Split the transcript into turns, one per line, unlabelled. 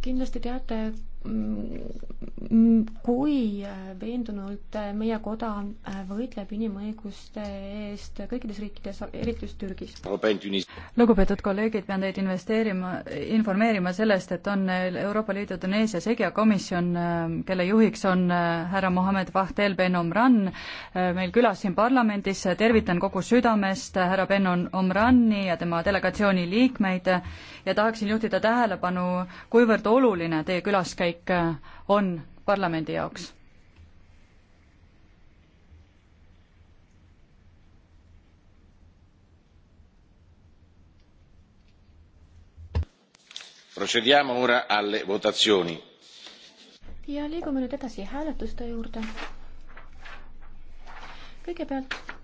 kindlasti teate, mm, kui äh, veendunult äh, meie koda äh, võitleb inimõiguste eest kõikides riikides, eriti
just
Türgis.
lugupeetud kolleegid, pean teid investeerima, informeerima sellest, et on Euroopa Liidu Tuneesia Segja komisjon, kelle juhiks on härra Mohammed Vahtel Ben Omran, meil külas siin parlamendis, tervitan kogu südamest härra Ben Omrani ja tema delegatsiooni liikmeid ja tahaksin juhtida tähelepanu, kuivõrd oluline teie külaskäik on parlamendi jaoks.
procediamo ora alle votazioni.
ja liigume nüüd edasi hääletuste juurde. kõigepealt